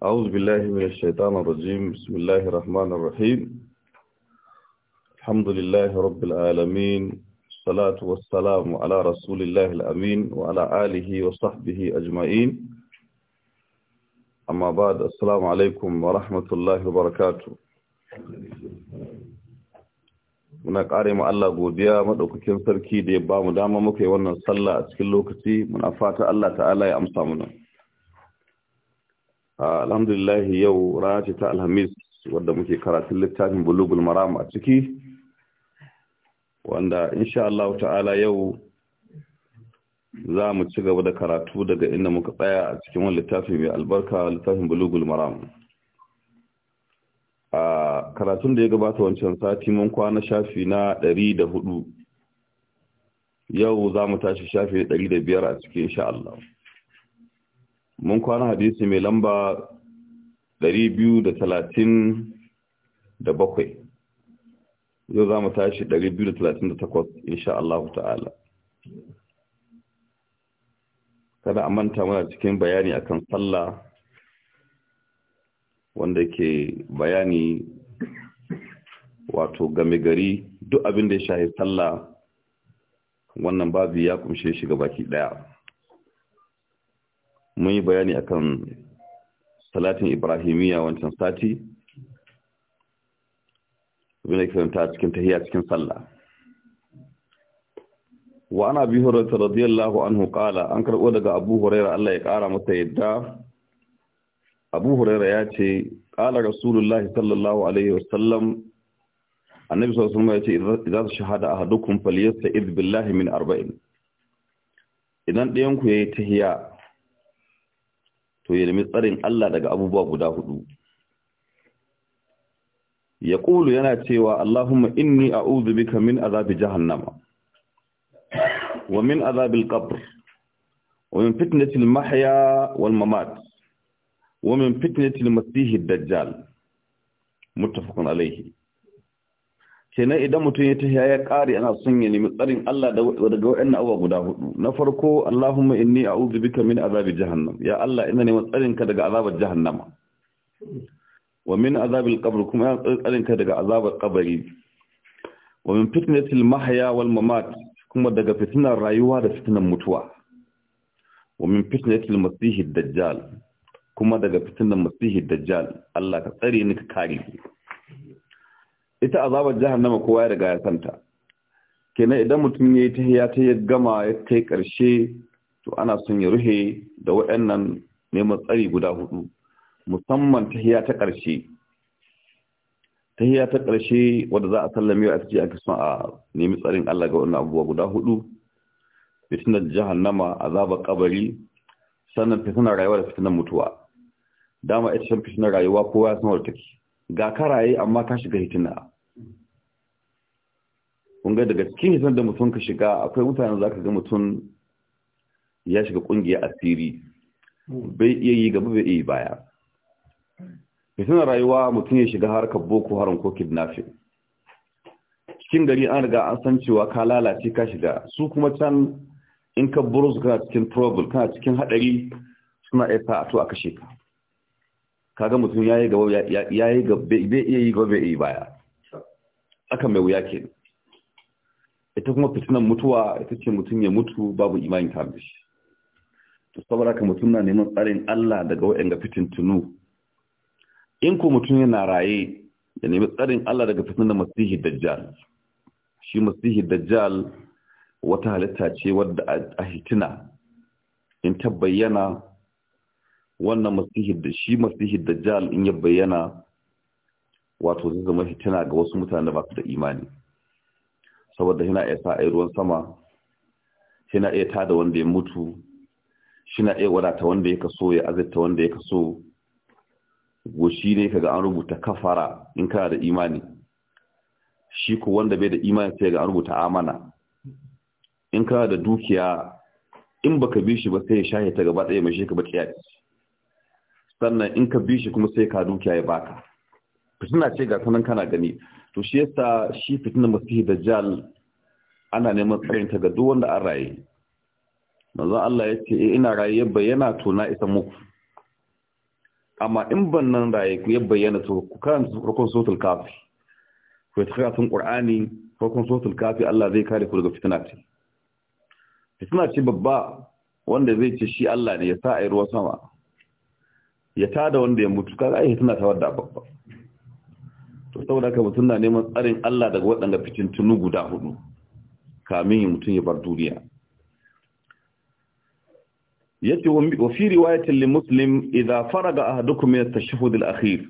أعوذ بالله من الشيطان الرجيم بسم الله الرحمن الرحيم الحمد لله رب العالمين الصلاة والسلام على رسول الله الأمين وعلى آله وصحبه أجمعين أما بعد السلام عليكم ورحمة الله وبركاته muna ƙare الله Allah godiya maɗaukakin sarki da ya ba mu dama muka yi wannan sallah a cikin lokaci Ah, alhamdulillah yau rana ce ta alhamis wadda muke karatun littafin bulugul maram a ciki wanda insha Allah ta'ala yau za mu ci gaba da karatu daga inda muka tsaya a cikin wani littafi mai albarka littafin bulugul maram a ah, karatun da ya gabata wancan sati mun kwana shafi na ɗari da hudu, yau za mu tashi shafi da biyar a cikin insha Allah mun kwana hadisi mai lamba 237 yau za mu tashi 238 insha Allah ta'ala kada a manta muna cikin bayani akan sallah wanda ke bayani wato game gari duk abin da ya shahi sallah wannan babu ya kumshe shiga baki daya mun yi bayani akan salatin ibrahimiyya wancan sati abin da karanta cikin tahiya cikin sallah wa ana bi hurairah radiyallahu anhu qala an karbo daga abu hurairah Allah ya kara masa yadda abu hurairah ya ce qala rasulullahi sallallahu alaihi wasallam annabi sallallahu alaihi wasallam ya ce idza shahada ahadukum falyasta'id billahi min arba'in idan ɗayan ku yayi tahiya to ya nemi tsarin Allah daga abubuwa guda hudu ya ƙulu yana cewa Allahumma inni a'udhu bika min azabi jahannama wa min azabi al-qabr wa min fitnati al-mahya wal mamat wa min fitnati al-masih ad-dajjal muttafaqun alayhi kenan idan mutum ya tahiya ya kare ana son ya nemi tsarin Allah daga waɗannan abubuwa guda hudu na farko Allahumma inni a'udhu bika min azabi jahannam ya Allah ina neman tsarin ka daga azabar jahannama wa min azabil qabr kuma ina tsarin ka daga azabar qabri wa min fitnatil mahya wal mamat kuma daga fitinar rayuwa da fitinar mutuwa wa min fitnatil masihid dajjal kuma daga fitinar masihid dajjal Allah ka tsare ni ka kare ni ita azabar jahannama kowa ya riga ya santa kenan idan mutum ya yi tahiya ta ya gama ya kai karshe to ana son ya ruhe da waɗannan neman tsari guda hudu musamman tahiya ta karshe tahiya ta karshe wadda za a sallame wa cikin aka son a nemi tsarin Allah ga wannan abubuwa guda hudu fitinar jahannama azabar kabari sannan fitinar rayuwa da fitinar mutuwa dama ita shan fitinar rayuwa kowa ya san wadda take ga karaye amma ka shiga hitina kun ga daga cikin hisan da mutum ka shiga akwai mutane za ka ga mutum ya shiga kungiya asiri bai iya yi gaba bai iya baya hisan rayuwa mutum ya shiga harkar boko haram ko kidnafin cikin gari an riga an san cewa ka lalace ka shiga su kuma can in ka buru su kana cikin trouble kana cikin hadari suna iya sa a to a kashe ka kaga mutum ya yi gaba bai iya yi baya aka mai wuya kenan ita kuma fitinan mutuwa ita ce mutum ya mutu babu imanin tare da shi to saboda ka mutum na neman tsarin Allah daga waɗanda tunu. in ko mutum yana raye ya nemi tsarin Allah daga fitinan masihi dajjal shi masihi dajjal wata halitta ce wadda a hitina in ta bayyana wannan masihi da shi masihi dajjal in ya bayyana wato zai zama hitina ga wasu mutane ba su da imani saboda na iya sa a ruwan sama shi na iya tada wanda ya mutu shi na iya wadata wanda ya kaso ya azurta wanda ya kaso goshi ne kaga an rubuta kafara in kana da imani shi ko wanda bai da imani sai ga an rubuta amana in kana da dukiya in baka bi shi ba sai ya shahe ta gaba ɗaya mai shi ka ba sannan in ka bi shi kuma sai ka dukiya ya baka fitina ce ga sanan kana gani to shi yasa shi fitina masihi dajjal ana neman tsarin ta ga duk wanda an raye manzo Allah ya ce eh, ina raye bayyana to na isa muku amma in ban nan raye ku ya bayyana to ku karanta farkon suratul kafi ku ta karatun qur'ani farkon suratul kafi Allah zai kare ku daga fitina ce fitina ce babba wanda zai ce shi Allah ne ya sa ayi ruwa sama ya tada wanda ya mutu kaga ai fitina ta wadda babba to saboda ka mutum na neman tsarin Allah daga waɗanda fitintunu guda hudu kamin mutum ya bar duniya yace wa fi riwayatin li muslim idza faraga ahadukum min at-tashahhud al-akhir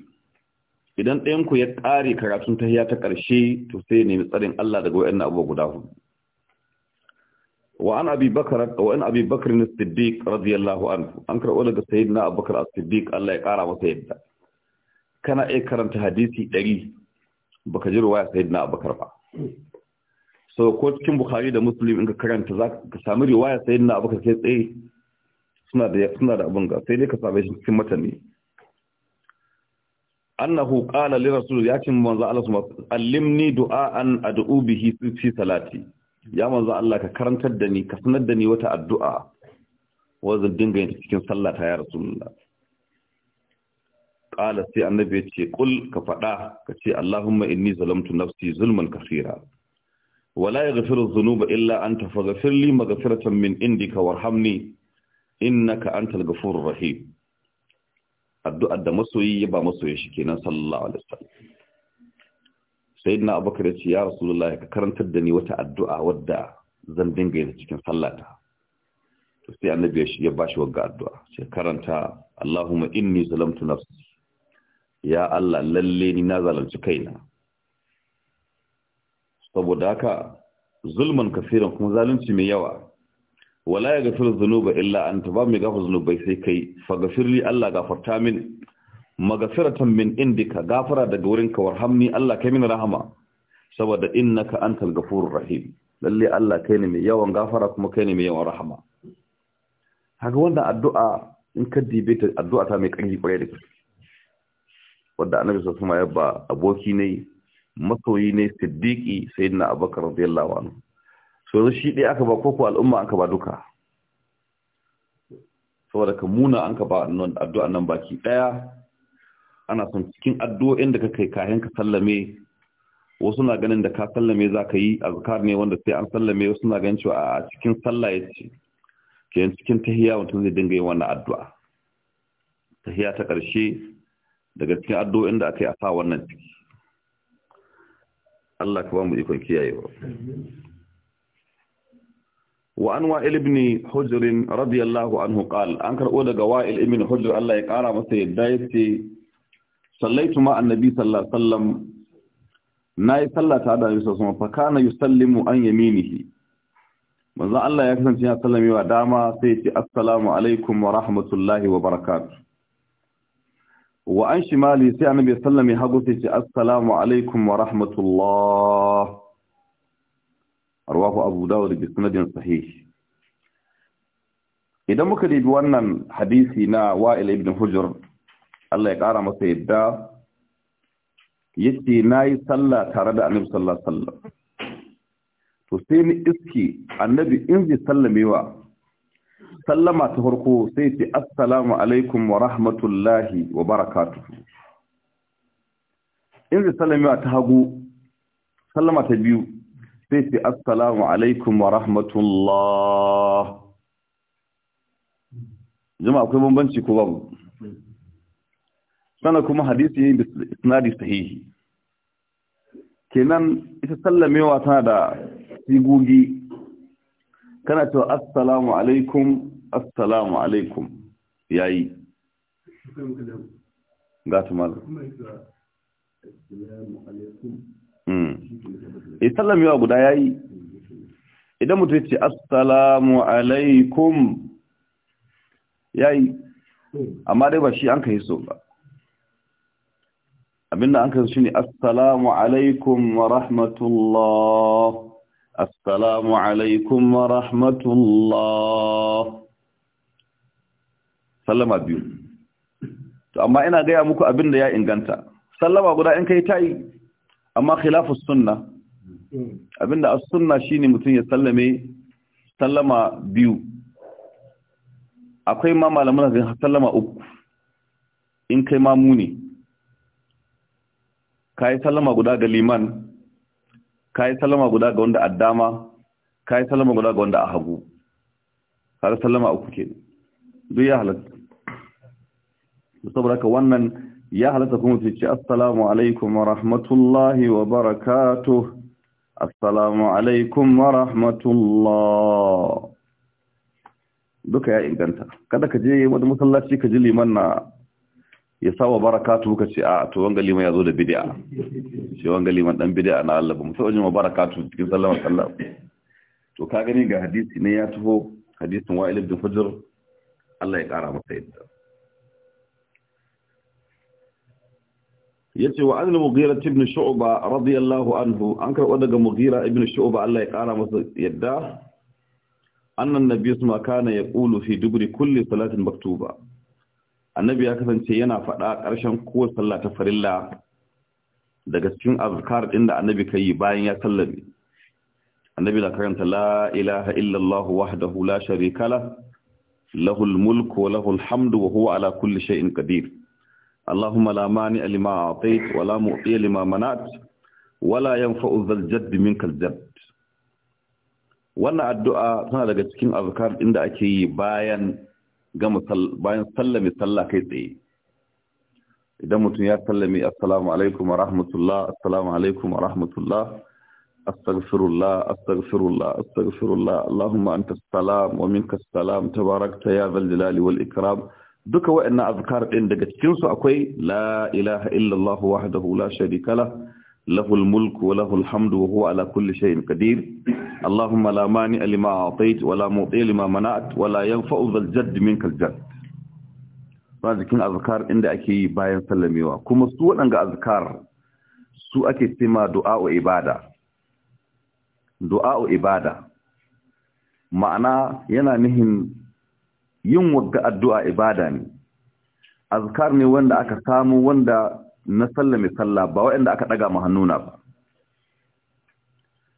idan ɗayan ku ya ƙare karatun tahiyya ta ƙarshe to sai ya nemi tsarin Allah daga wayannan abubuwa guda hudu wa an abi bakr wa an abi bakr as-siddiq radiyallahu anhu an karɓo daga sayyidina abubakar as-siddiq Allah ya ƙara masa yadda kana iya karanta hadisi ɗari baka ji ruwaya sai na abakar ba so ko cikin bukhari da musulmi in ka karanta za ka sami riwaya sai na abakar sai tsaye suna da suna da abin ga sai dai ka same shi cikin mutane. annahu qala li rasul ya ce manzo Allah su allimni du'aan ad'u bihi fi salati ya manzo Allah ka karantar da ni ka sanar da ni wata addu'a wanda dinga yin cikin sallata ya rasulullah Kala sai annabi ya ce kul ka faɗa ka ce Allahumma inni zalamtu nafsi zulman kasira wala ya gafiru zunuba illa an tafa gafirli magafiratan min indika warhamni innaka antal gafurur rahim Addu'a da masoyi ya ba masoyi shi kenan sallallahu alaihi wasallam sayyidina abubakar ya ce ya rasulullahi ka karantar da ni wata addu'a wadda zan dinga yin cikin sallata to sai annabi ya bashi wagga addu'a sai karanta Allahumma inni zalamtu nafsi ya Allah lalle ni na zalunci kaina saboda haka zulman kafiran kuma zalunci mai yawa wala ya gafir zunuba illa ta ba mai gafar zunubai sai kai fagafirli Allah gafarta min magafiratan min indika gafara daga wurin ka, warhamni Allah kai min rahama saboda innaka antal gafur rahim lalle Allah kai ne mai yawan gafara kuma kai ne mai yawan rahama haka wannan addu'a in ka dibe ta addu'a ta mai kanki ƙwarai da gaske wadda annabi sallallahu alaihi wasallam ya ba aboki ne masoyi ne siddiqi sayyidina abubakar radiyallahu anhu so shi dai aka ba koko al'umma aka ba duka saboda ka muna an ka ba addu'a nan baki daya ana son cikin addu'o'in da ka kai kayan ka sallame wasu na ganin da ka sallame zaka ka yi azkar ne wanda sai an sallame wasu na ganin cewa a cikin sallah ya ke cikin tahiyya mutum zai dinga yin wannan addu'a tahiyya ta ƙarshe daga cikin addu'o'in da aka yi a sa wannan ciki Allah ka ba mu ikon kiyayewa wa an wa'il ibn hujr radiyallahu anhu qal an karbo daga wa'il ibn hujr Allah ya ƙara masa yadda yace sallaitu ma annabi sallallahu alaihi wasallam nayi sallata da Yusuf kuma fa kana yusallimu an yaminihi manzo Allah ya kasance ya wa dama sai ya ce assalamu alaikum wa rahmatullahi wa barakatuh wa an shimali sai annabi sallallahu alaihi hagu sai ce assalamu alaikum wa rahmatullah arwahu abu dawud bi sanadin sahih idan muka dibi wannan hadisi na wa'il ibn hujr Allah ya kara masa yadda yace nayi sallah tare da annabi sallallahu alaihi wasallam to sai ni iski annabi in zai sallamewa sallama ta farko sai ce assalamu alaikum wa rahmatullahi wa barakatuhu in zai sallama ta hagu sallama ta biyu sai ce assalamu alaikum wa rahmatullah jama'a akwai bambanci ko babu sana kuma hadisi ne isnadi sahihi kenan ita sallamewa tana da sigogi kana cewa assalamu alaikum assalamu alaikum yayi ga tumar Islam yawa guda yayi idan mutu ya ce assalamu alaikum yayi amma dai ba shi an ka yi so ba abinda an ka yi so ne assalamu alaikum wa rahmatullah السلام عليكم ورحمة الله sallama biyu to amma ina gaya muku abin da ya inganta sallama guda in kai tayi amma khilafus sunna abinda as-sunna shine mutum ya sallame sallama biyu akwai ma malaman da sallama uku in kai mamu ne kai sallama guda ga liman Ka kayi sallama guda ga wanda a dama kayi sallama guda ga wanda a hagu har sallama uku ke duk ya halatta saboda ka wannan ya halatta kuma su ce assalamu alaikum wa rahmatullahi wa barakatu. assalamu alaikum wa rahmatullahi. duka ya inganta kada ka je wani masallaci ka ji liman na ya sawa barakatu ka ce a to wanga liman ya zo da bid'a shi wanga liman dan bid'a na Allah ba mu taba jin barakatu cikin sallama sallah to ka gani ga hadisi ne ya taho hadisin wa'il ibn fajr Allah ya kara masa yadda yace wa anil mughira ibn shu'ba radiyallahu anhu an karɓo daga mughira ibn shu'ba Allah ya kara masa yadda annan nabiy sama kana yaqulu fi dubri kulli salatin maktuba annabi ya kasance yana faɗa ƙarshen kowace sallah ta farilla daga cikin azkar ɗin da annabi ka yi bayan ya sallame annabi na karanta la ilaha illallah wahdahu la sharika la lahul mulku wa lahul hamdu wa huwa ala kulli shay'in qadir allahumma la mani lima a'tait wa la mu'ti lima manat wa la yanfa'u dhal jadd wannan addu'a tana daga cikin azkar ɗin da ake yi bayan gama bayan sallame sallah kai tsaye idan mutum ya sallame assalamu alaikum wa rahmatullah assalamu alaikum wa rahmatullah astaghfirullah astaghfirullah astaghfirullah allahumma anta salam wa minka salam tabarakta ya zal jalali wal ikram duka wa'annan azkar din daga cikin su akwai la ilaha illallah wahdahu la sharika lahu له الملك وله الحمد وهو على كل شيء قدير اللهم لا مانع لما أعطيت ولا معطي لما منعت ولا ينفع ذا الجد منك الجد فذكين أذكار عند أكي باين سلميوا كما سوء أنك أذكار سوء أكي سما دعاء إبادة دعاء إبادة معنى ينا نهن yin wadda addu'a ibada ne, azkar ne wanda aka samu wanda na mai sallah ba waɗanda aka ɗaga ma hannuna ba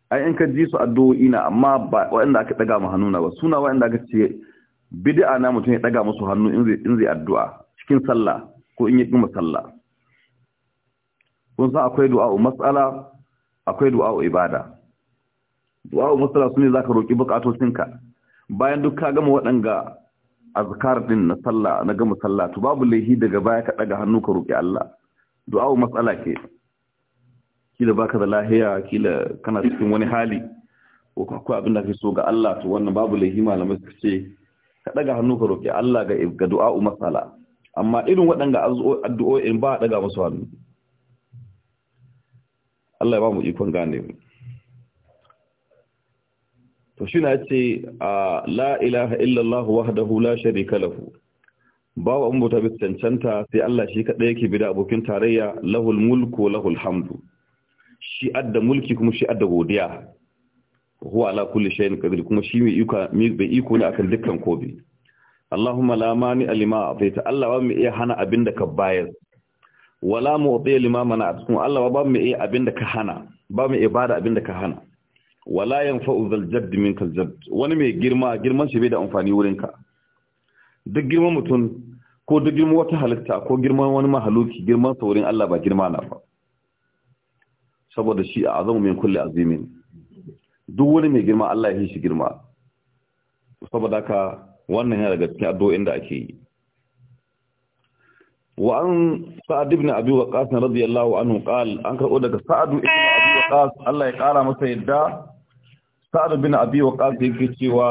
ai in ka ji su addu'o'i na amma ba waɗanda aka ɗaga ma hannuna ba suna waɗanda aka ce bid'a na mutum ya ɗaga musu hannu in zai in zai addu'a cikin sallah ko in yi kuma sallah kun san akwai du'a'u mas'ala akwai du'a'u ibada du'a'u mas'ala sune zaka roki bukatocinka bayan duk ka gama waɗanga azkar din na sallah na gama sallah to babu laihi daga baya ka ɗaga hannu ka roki Allah du'a'u matsala ke kila baka da lahiya kila kana cikin wani hali ko akwai abin da kake so ga Allah to wannan babu lahi malamai su ce ka daga hannu ka roki Allah ga ga du'a'u matsala amma irin waɗanda addu'o'in ba daga musu hannu Allah ya ba mu ikon gane mu to shi na ce la ilaha illallah wahdahu la sharika lahu ba wa umbuta bi cancanta sai Allah shi kaɗai yake bi da abokin tarayya lahul mulku lahul hamdu shi adda mulki kuma shi adda godiya huwa ala kulli shay'in qadir kuma shi mai iko mai iko ne akan dukkan kobi Allahumma la mani alima ataita Allah ba mu iya hana abinda ka bayar wala mu'ti lima mana kuma Allah ba mu iya abinda ka hana ba mu ibada abinda ka hana wala yanfa'u zal jadd minkal jadd wani mai girma girman shi bai da amfani wurinka duk girman mutum ko duk girman wata halitta ko girman wani mahaluki girman saurin Allah ba girma na ba saboda shi a azamu min kulli azimin duk wani mai girma Allah ya shi girma saboda haka wannan yana daga cikin addu'o'in da ake yi wa an sa'ad ibn abi waqas radiyallahu anhu qal an karbo daga sa'ad ibn abi waqas Allah ya kara masa yadda sa'ad ibn abi waqas yake cewa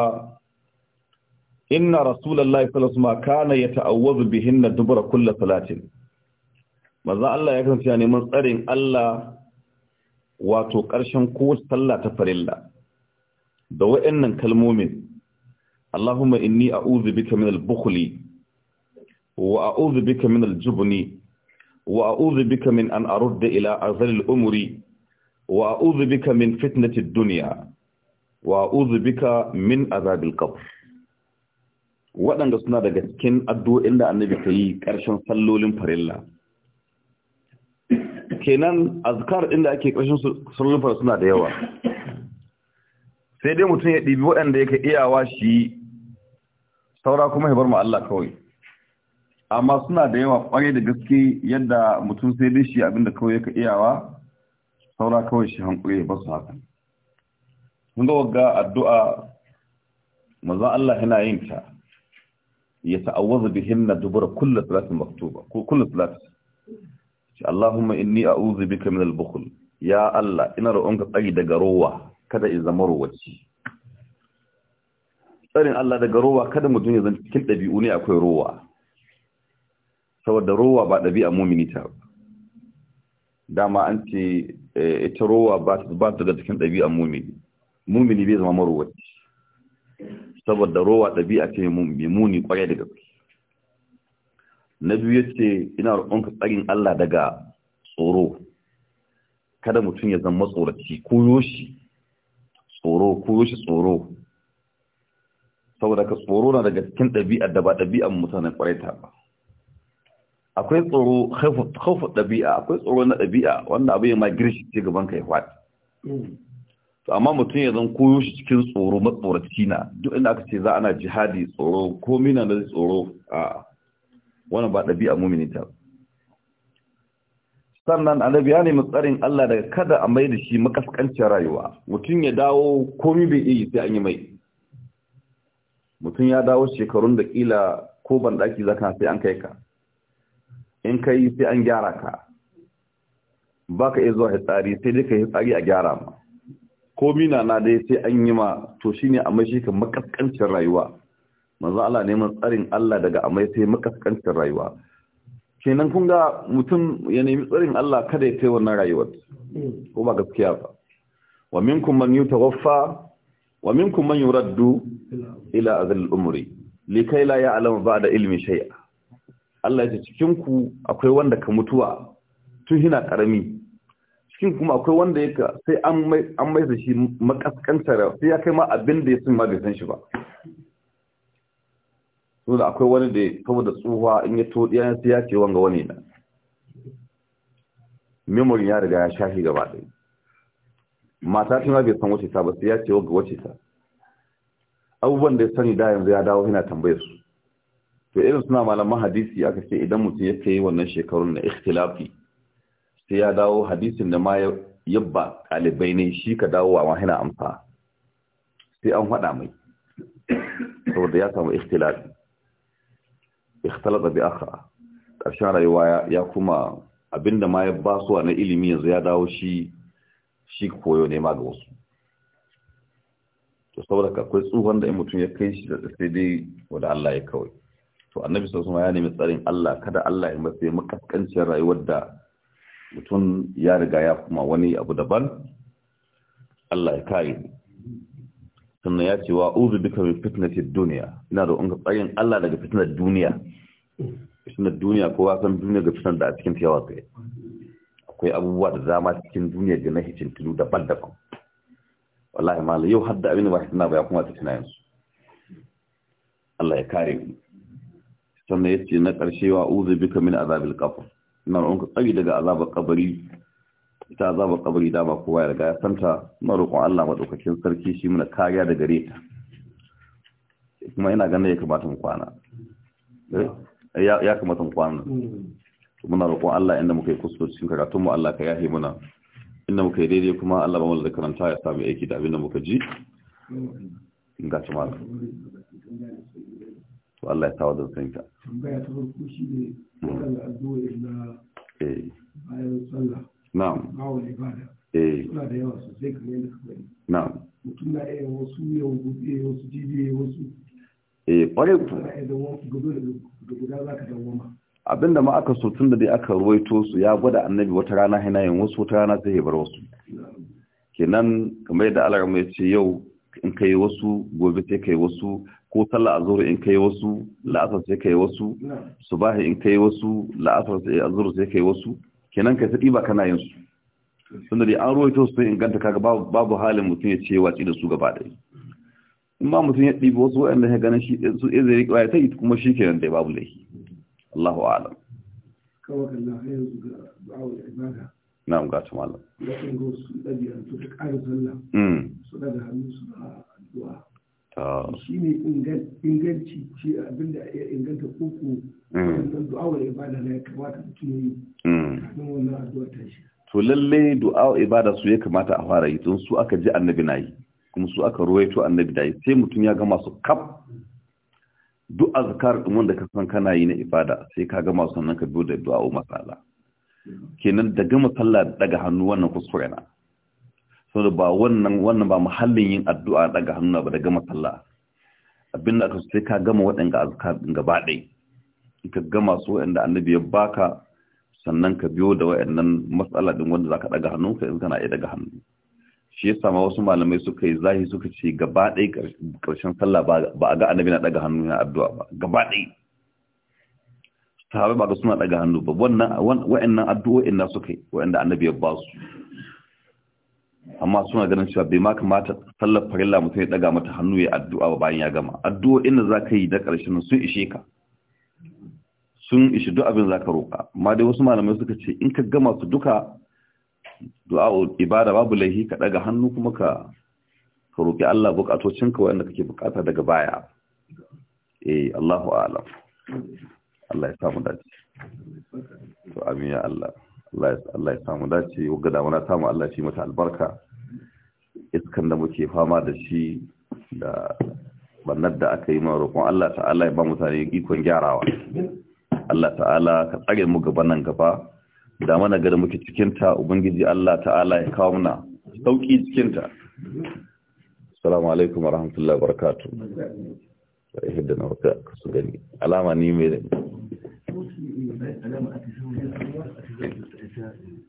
inna rasulullahi sallallahu alaihi wasallam kana yata'awwazu bihinna dubura kulli salatin manzo Allah ya kasance neman tsarin Allah wato ƙarshen kowace sallah ta farilla da wa'annan kalmomin Allahumma inni a'udhu bika min al-bukhli wa a'udhu bika min al-jubni wa a'udhu bika min an arudda ila azal al-umri wa a'udhu bika min fitnati ad-dunya wa a'udhu bika min azab al-qabr waɗanda suna daga cikin addu’in da annabi ta yi ƙarshen sallolin farilla kenan azkar inda ake ƙarshen sallolin farilla suna da yawa sai dai mutum ya ɗibi waɗanda yake iyawa shi saura kuma ya bar mu Allah kawai amma suna da yawa ƙwarai da gaske yadda mutum sai dai shi abinda kawai yake iyawa saura kawai shi hankuri ya basu hakan mun ga wagga addu'a maza Allah yana yin ta ya بهن دبر كل ثلاث salatin maktuba ثلاث kullu salat shi Allahumma inni a'udhu bika min al-bukhl ya Allah ina tsari daga kada in zama tsarin Allah daga rowa kada mu ya zan cikin ɗabi'u ne akwai rowa saboda rowa ba ɗabi'a mumini ta dama an ce ita rowa ba ta daga cikin ɗabi'a mumini mumini bai zama marowaci saboda rowa ɗabi'a ce mai muni ƙwarai da gaske na biyu ce ina roƙonka tsarin Allah daga tsoro kada mutum ya zama tsoraci koyo shi tsoro koyo shi tsoro saboda ka tsoro na daga cikin ɗabi'a da ba ɗabi'an mutane ƙwarai ta ba akwai tsoro haifu ɗabi'a akwai tsoro na ɗabi'a wanda abu ya ma girshi ce gaban ka ya faɗi hmm. to amma mutum ya zan koyo shi cikin tsoro matsoraci na duk inda aka ce za ana jihadi tsoro ko mina na tsoro a wannan ba ɗabi'a mumini ta sannan annabi ya nemi tsarin Allah daga kada a mai da shi makaskancin rayuwa mutum ya dawo komi bai iya sai an yi mai mutum ya dawo shekarun da kila ko ban daki ka sai an kai ka in kai sai an gyara ka Ba ka iya zuwa hitsari sai dai ka hitsari a gyara ma ko mina na dai sai an yi ma to shine amai shi kan makaskancin rayuwa manzo Allah neman tsarin Allah daga mai sai makaskancin rayuwa kenan kun ga mutum ya nemi tsarin Allah kada ya kai wannan rayuwar ko ba gaskiya ba wa minkum man yutawaffa wa minkum man yuraddu ila azal umri likai la ya'lamu ba'da ilmi shay'a Allah ya ce cikin ku akwai wanda ka mutuwa tun hina karami Shin kuma akwai wanda ya ka sai an mai da shi makaskantar sai ya kai ma abin da ya sun ma bai san shi ba so da akwai wani da da tsuwa in ya to ya sai ya ce wanga wani na memory ya riga ya shafi gaba ɗaya mata ta ma bai san wace ta ba sai ya ce wanga wace ta abubuwan da ya sani da yanzu ya dawo yana tambayar su to irin suna malaman hadisi aka ce idan mutum ya kai wannan shekarun na ikhtilafi sai ya dawo hadisin da ma yabba ɗalibai ne shi ka dawo wa hana amsa sai an haɗa mai saboda ya samu ikhtilafi ikhtilafi bi akha ƙarshen rayuwa ya kuma abinda ma ya basuwa na ilimi yanzu ya dawo shi shi koyo ne ma ga wasu to saboda akwai tsohon da in mutum ya kai shi da sai dai wanda Allah ya kawai to annabi sallallahu alaihi ya nemi tsarin Allah kada Allah ya matsaye makaskanciyar rayuwar da mutum ya riga ya kuma wani abu daban Allah ya kare sannan ya ce wa uzu duka min fitnatid duniya ina da unga tsayin Allah daga fitnar duniya fitnar duniya ko san duniya ga fitnar da a cikin tiyawa kai akwai abubuwa da dama cikin duniya da na hicin tudu daban-daban wallahi mala yau hadda abin ba fitina ba ya kuma ta tunayen su Allah ya kare mu sannan ya ce na ƙarshe wa uzu bika min azabil qabr ina roƙon tsari daga azabar kabari ita azabar kabari da ba kowa ya riga ya santa ina roƙon Allah madaukakin sarki shi muna kariya da gare ta kuma ina ganin ya kamata mu kwana eh? ya kamata mu kwana muna roƙon Allah inda muka yi kuskure cikin karatun mu Allah ka yahe muna inda muka yi daidai kuma Allah ba mu da karanta ya sami aiki da abin da muka ji ga gaci malam to Allah ya sawa da sun ka tambaya da yawa sosai kamar yadda ka bari na'am mutum na iya wasu gobe wasu eh, guda za ka dawoma abinda ma aka so tun da dai aka ruwaito su ya gwada annabi wata rana yin wasu wata rana sai bar wasu kenan kamar yadda Allah ya ce yau in kai wasu gobe sai kai wasu ko sallah azhur in kai wasu la'asar sai kai wasu subahi in kai wasu la'asar sai azhur sai kai wasu kenan kai sadi ba kana yin su tunda dai an ruwaito su ganta kaga babu halin mutum ya ce watsi da su gaba ɗaya in ma mutum ya ɗibi wasu waɗanda ya ganin shi su iya zai riƙa ta yi kuma shi kenan dai babu laifi Allahu a'lam kawai Allah ya yanzu ga da'awar ibada na'am ga ta malam da kan go su ɗabi'antu ta ƙara sallah mm. su ɗaga hannu su da addu'a shi ne inganci mm. ibada to lalle du'awar ibada su ya kamata a fara yi don su aka ji annabi na yi kuma su aka ruwaito annabi da yi sai mutum ya gama su kaf duk azkar din wanda ka san kana yi na ibada sai ka gama su sannan ka biyo da du'a'u masala kenan da gama sallah daga hannu wannan kuskure na saboda ba wannan wannan ba muhallin yin addu'a daga hannu ba daga masalla abinda aka sai ka gama waɗanda azkar gaba ɗaya ka gama su waɗanda annabi ya baka sannan ka biyo da waɗannan matsala din wanda zaka daga hannu ka in kana iya daga hannu shi yasa ma wasu malamai suka yi zahi suka ce gaba ɗaya karshen sallah ba a ga annabi na daga hannu na addu'a ba gaba ɗaya sahabai ba ga suna daga hannu ba wannan wa'annan addu'o'in na suka yi wa'anda annabi ya ba su amma suna ganin cewa bai ma kamata sallar farilla mutum ya daga mata hannu ya addu'a ba bayan ya gama addu'o inda za ka yi da ƙarshen sun ishe ka sun ishe duk abin za ka roƙa amma dai wasu malamai suka ce in ka gama su duka du'a ibada babu laihi ka daga hannu kuma ka ka roƙi Allah ka waɗanda kake buƙata daga baya eh Allahu a'lam Allah ya samu dace to amin ya Allah Allah ya samu dace wagga damuna samu Allah shi mata albarka iskan da muke fama da shi da bannar da aka yi ma roƙon Allah ta'ala ya ba mutane ikon gyarawa Allah ta'ala ka tsage mu gaba nan gaba da mana gada muke cikinta ubangiji Allah ta'ala ya kawo muna sauƙi cikinta. Salamu assalamu alaikum wa wabarakatuh sai hidda gani alama ni mai alama Isha is